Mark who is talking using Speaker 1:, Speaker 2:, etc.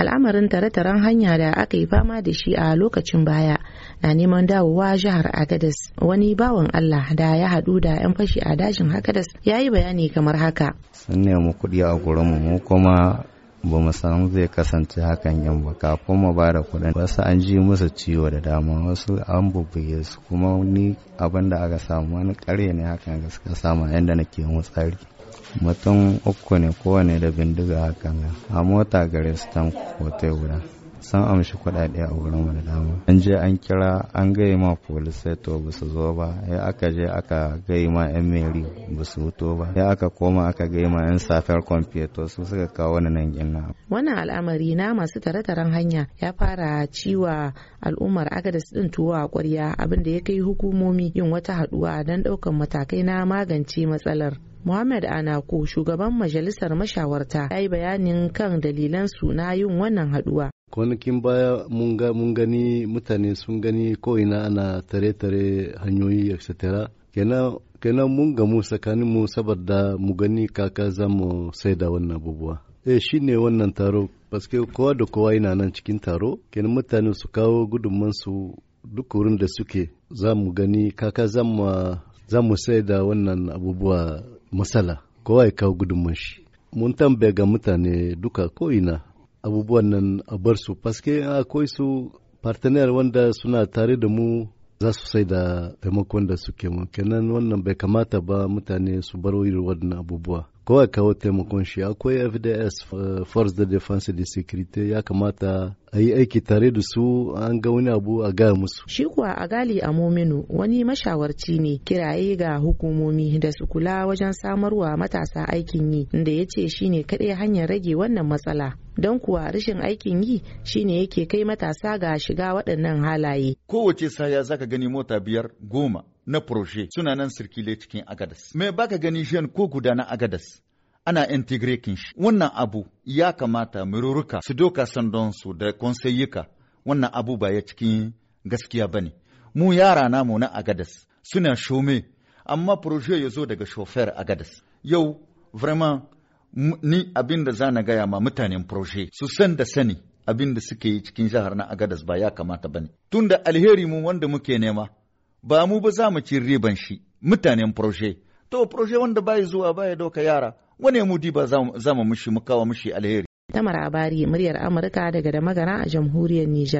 Speaker 1: al'amarin tare-taren hanya da aka yi fama da shi a lokacin baya na neman dawowa jihar agadas wani bawan allah da ya haɗu da 'yan fashi a dajin agadas ya yi bayani kamar haka
Speaker 2: sun nemi kuɗi a gurinmu mu kuma ba mu san zai kasance hakan yan ba kafin mu ba da kuɗin wasu an ji musu ciwo da dama wasu an bubbuge su kuma ni abin da aka samu wani ƙare ne hakan gaskiya samu yadda nake mutsari mutum uku ne kowane da bindiga hakan nan a mota gare su tan hotel guda sun amshi kuɗaɗe a wurin wani dama an je an kira an gaya ma polisai to ba su zo ba ya aka je aka gaya ma yan meri ba su wuto ba ya aka koma aka gaya ma yan safiyar kwamfiyato su suka kawo wani nan gina
Speaker 1: wannan al'amari na masu tare-taren hanya ya fara ciwa al'ummar agadas ɗin tuwo a kwarya abinda ya kai hukumomi yin wata haɗuwa don ɗaukan matakai na magance matsalar Muhammad Anako shugaban majalisar mashawarta ya yi bayanin kan su na yin wannan haduwa.
Speaker 3: kwanakin baya mun gani mutane sun gani na ana tare-tare hanyoyi etc kenan mun gamu tsakanin mu saboda mu gani kaka za mu saida wannan abubuwa eh shi ne wannan taro paske kowa da kowa yana nan cikin taro kenan mutane su kawo gudunmansu duk wurin da suke za mu gani kaka za mu saida wannan abubuwa matsala kowa ya kawo gudunman shi mun tambaya ga mutane duka ko'ina abubuwan nan a bar su paske akwai su partenaire wanda suna tare da mu za su sai da taimakon da suke mu kenan wannan bai kamata ba mutane su bar irin waɗannan abubuwa kawai kawo taimakon shi akwai e fds force de defense de securite ya kamata a yi aiki tare da su an ga wani e abu a gaya musu
Speaker 1: shi kuwa a gali a mominu wani mashawarci ne kiraye ga hukumomi da su kula wajen samarwa matasa aikin yi da ya ce shi ne kaɗai hanyar rage wannan matsala don kuwa rashin aikin yi shi ne yake kai matasa ga shiga waɗannan halaye
Speaker 4: kowace saya zaka gani mota biyar goma na proje suna nan sirkile cikin agadas me baka gani jen ko guda na agadas ana integrating shi wannan abu ya kamata mururuka su doka su da konsayyuka wannan abu ba ya cikin gaskiya ba ne mu yara namu na agadas suna shome amma proje ya zo daga shofer agadas yau vraiment ni abin da za gaya ma mutanen proje su san da sani abin da suke yi cikin jihar na agadas ba ya kamata ba ne tun da alheri mu wanda muke nema ba mu ba za mu ci riban shi mutanen proje to proje wanda bai zuwa baya ɗauka yara wane mu ba za mu mushi mu kawo mushi alheri
Speaker 1: Tamar Abari muryar Amurka daga da magana a jamhuriyar Nijar.